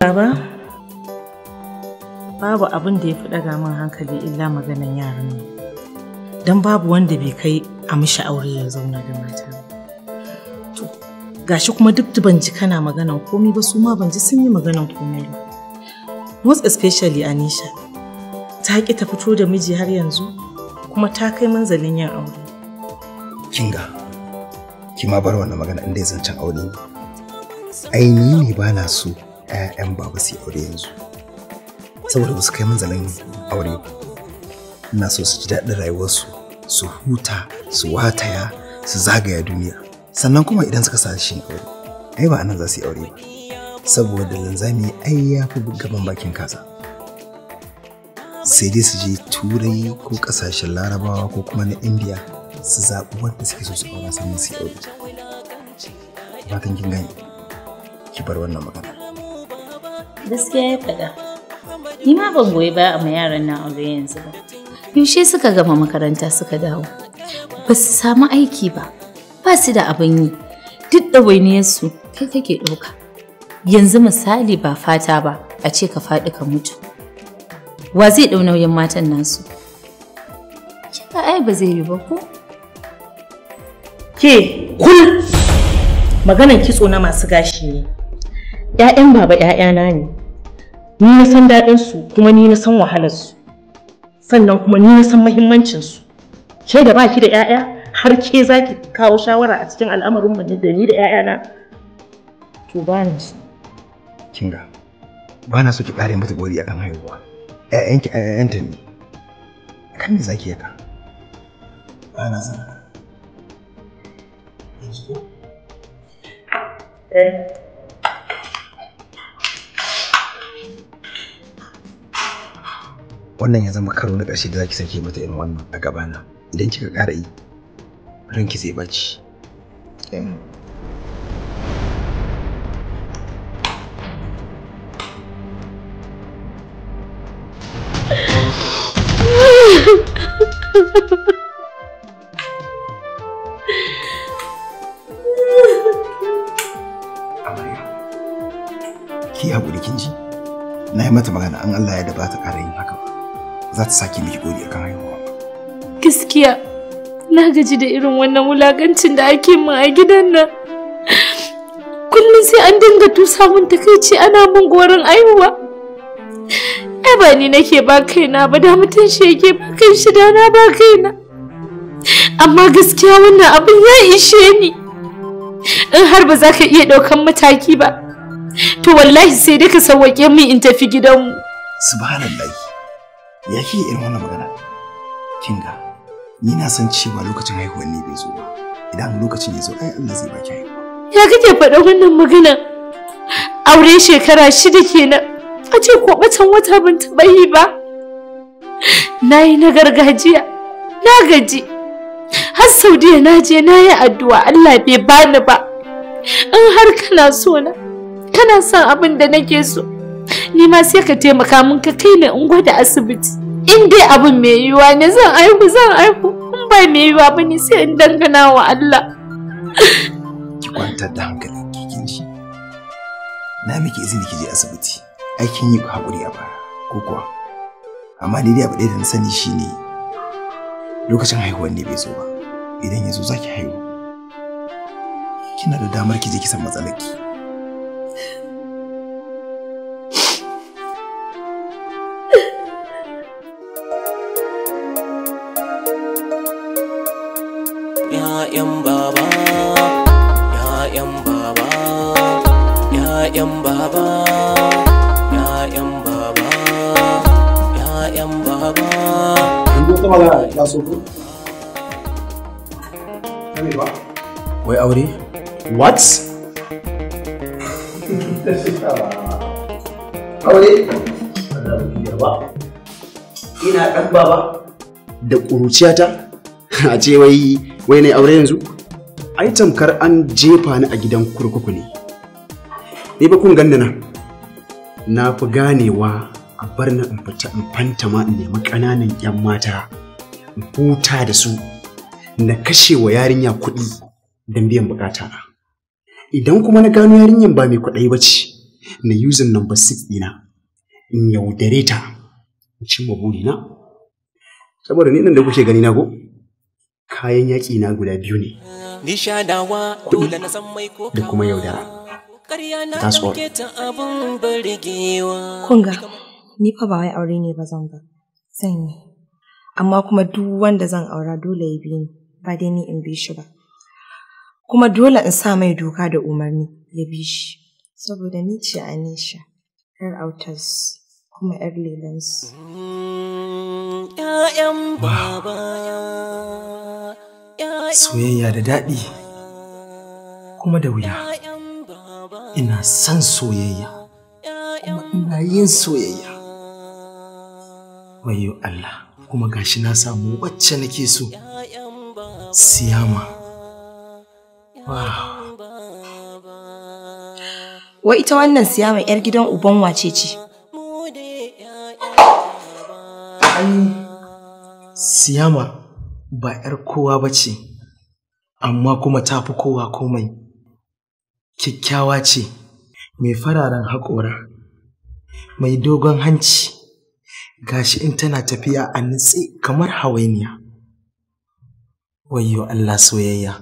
Baba, babu abin da ya fi ɗaga min hankali illa maganan yaran nan. Don babu wanda bai kai a mishi aure ya zauna da mata. To, gashi kuma duk da ban ji kana maganan komai ba su ma ban ji sun yi maganan komai ba. Most especially Anisha, ta ƙi ta fito da miji har yanzu kuma ta kai manzalin yin aure. Kinga, ki ma bar wannan magana inda ya zancen aure ne. Ai ni ne ba na so 'ya'yan baba su aure yanzu saboda ba su kai manzalin aure ina so su ji daɗin rayuwarsu su huta su wataya su zagaya duniya sannan kuma idan suka sa shi aure ai ba anan za su yi aure ba saboda linzami ai ya fi gaban bakin kasa sai dai su je turai ko ƙasashen larabawa ko kuma na indiya su zaɓi wanda suke so su aura sannan su yi aure ba kin gani ki bar wannan magana gaskiya ya faɗa ni ma ban goyi ba a yaran nan aure yanzu ba yaushe suka gama makaranta suka dawo ba su samu aiki ba ba su da abin yi duk ɗawainiyarsu kai kake ɗauka yanzu misali ba fata ba a ce ka faɗi ka mutu wa zai ɗau nauyin matan nasu kika ai ba zai yi ba ko ke kul maganar kitso na masu gashi ne ‘ya'yan baba ‘ya'yana ne ni na san daɗin su kuma ni na san wahalar su sannan kuma ni na san muhimmancin su ke da baki da 'ya'ya har ke za ki kawo shawara a cikin al'amarin mu da ni da na? to ba ni su kinga ba na so ki ƙare mata gori akan haihuwa ƴaƴanki ta ne kan me zaki yaka ba na san eh wannan ya zama karo na ƙarshe da zaki sake mata irin wannan a gaba na idan kika ƙara yi ranki zai baci Amarya, ki ya kin ji? Na yi mata magana an Allah ya da ba ta ƙara yin haka ba. za ta sake miki gode kan haihuwa gaskiya na gaji da irin wannan wulakancin da ake mun a gidan nan kullum sai an dinga tusa min takaici ana mun gorin aihuwa ai ba ni nake ba kaina ba da mutum shi yake ba kai shi da na ba kaina amma gaskiya wannan abin ya ishe ni in har ba za ka iya ɗaukan mataki ba to wallahi sai dai ka sauke min in tafi gidanmu subhanallah ya ke irin wannan magana kinga ni na san cewa lokacin haihuwar ne bai zo ba idan lokacin ya zo ai Allah zai baki haihuwa ya kake faɗa wannan magana aure shekara shida kenan a ce ko batan wata ban taɓa yi ba na yi na gargajiya na gaji har saudiya na je na yi addu'a Allah bai bani ba in har kana so na kana son abin da nake so ni ma sai ka taimaka min ka kai ni in gwada asibiti in dai abin mai yiwuwa ne zan aiku zan aiku in bai mai yiwuwa ba ne sai in dangana wa Allah ki kwantar da hankalin ki kin na miki izini ki je asibiti aikin yi hakuri a bara ko kuwa amma ni dai abu ɗaya da na sani shi ne lokacin haihuwar ne bai zo ba idan ya zo za ki haihu kina da damar ki je ki san matsalar 'ya'yan baba ya'yan baba ya'yan baba ya'yan baba ya'yan baba wai aure what aure ina ɗan baba da ƙuruciyata a ce wai wai ne aure yanzu ai tamkar an jefa ni a gidan kurkuku ne ni ba kun ganna na. na fi ganewa a bar na in fita in fanta ma in nemi ƙananan 'yan mata in huta da su na kashe wa yarinya kuɗi don biyan bukata na idan kuma na gano yarinyan ba mai kwaɗayi ba ce na using number six ɗina in yaudare ta in cimma burina saboda ni nan da kuke gani na go kayan yaƙi na guda biyu ne da kuma yaudara kunga ni fa ba wai aure ne ba zan ba zan yi amma kuma duk wanda zan aura dole ya bi ni ba dai ni in bi shi ba kuma dole in sa mai doka da umarni ya bi shi saboda ni ce anisha yar autas kuma yar lelansu 'ya'yan mm, baba Soyayya da daɗi kuma da wuya. Ina son soyayya kuma ina yin soyayya. Wayo Allah kuma gashi na samu wacce nake so. Siyama. Wa ita wannan siyama 'yar gidan uban wace ce? siyama ba 'yar kowa ba ce. amma kuma ta fi kowa komai kyakkyawa ce mai fararen haƙora mai dogon hanci gashi in tana tafiya a nitse kamar hawainiya wayyo Allah soyayya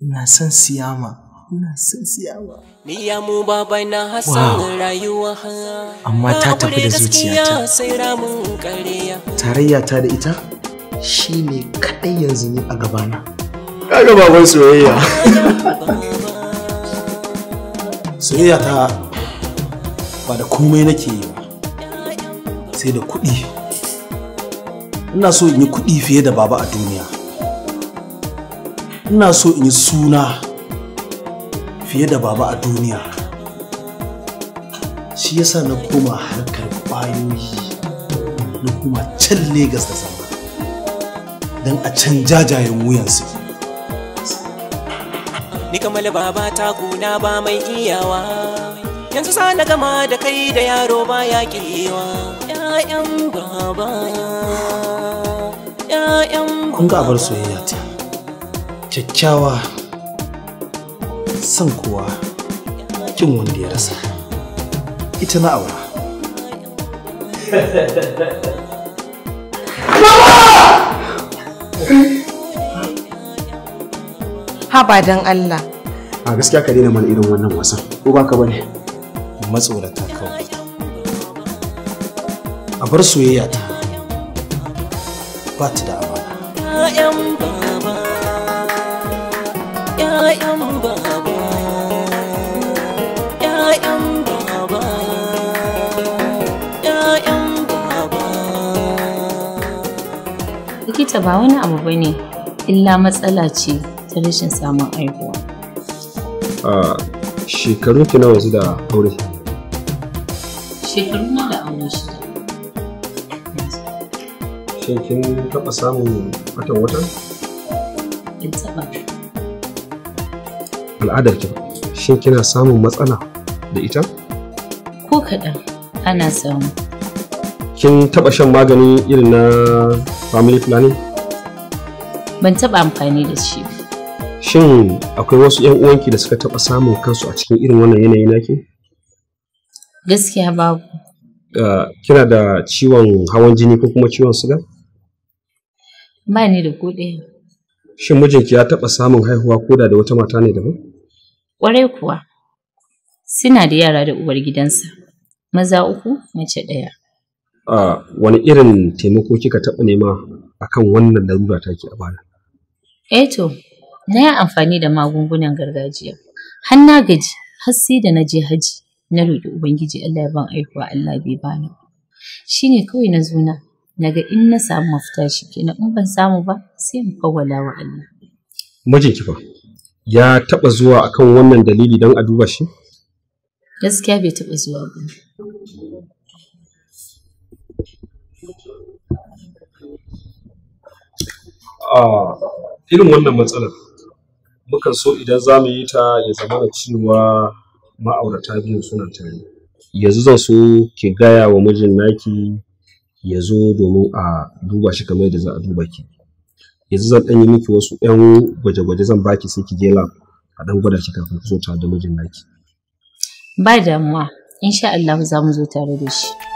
ina son siyama ina son siyama Miya baba na hasan rayuwa amma ta tafi da zuciyarta tarayya ta da ita shine kadai yanzu ne a gabana kaga soyayya soyayya ta ba da komai nake yi ba sai da kuɗi ina so in yi kuɗi fiye da baba a duniya ina so in yi suna fiye da baba a duniya shi yasa na koma harkar ƙwayoyi na kuma can legas da zama don a can jajayen wuyan suke ni kamal baba ta guna ba mai iyawa yanzu sa na gama da kai da yaro ba ya kewa ƴaƴan baba ƴaƴan kun ga bar soyayya ta kyakkyawa san kuwa kin wanda ya rasa ita na aura Mama! haba dan Allah. A gaskiya ka daina mana irin wannan wasan, ko ba ka bane? Matsorata kawai. A bar soyayya ta ba ta da amana. ‘Ya'yan baba, ‘ya'yan baba, baba, baba. Likita ba wani abu ba ne, illa matsala ce. ta rashin samun aihuwa. A shekaru ki nawa da aure? Shekaru na da aure shida. Shin kin taɓa samun watan wata? Kin taɓa. Al'adar ki shin kina samun matsala da ita? Ko kaɗan ana samu. Kin taɓa shan magani irin na family planning? ban taɓa amfani da shi ba. shin akwai wasu ‘yan uwanki da suka taɓa samun kansu a cikin irin wannan yanayi naki? Gaskiya babu. kina da ciwon hawan jini ko kuma ciwon suga? Ba ni da kuɗi. Shin mijinki ya taɓa samun haihuwa ko da da wata mata ne daban? Ƙwarai kuwa. Suna da yara da uwar gidansa, maza uku, mace ɗaya. wani irin taimako kika taɓa nema akan wannan larura take a baya? Eto. Eh na yi amfani da magungunan gargajiya har na gaji har sai da na je haji na roƙi ubangiji Allah ya ban aihuwa Allah bai bani shine kawai na zo na naga in na samu mafita shi kenan in ban samu ba sai in kawwala wa Allah ki fa ya taɓa zuwa akan wannan dalili don a duba shi gaskiya bai taba zuwa ba a ah, irin wannan matsalar mukan so idan za mu yi ta ya zama da cewa ma'aurata biyun suna tare yanzu zan so ki gaya wa mijin naki ya zo domin a duba shi kamar yadda za a duba ki yanzu zan ɗan yi miki wasu 'yan gwaje-gwaje zan baki sai ki je lab a ɗan gwada shi kafin ki zo tare da mijin naki ba damuwa insha Allah za mu zo tare da shi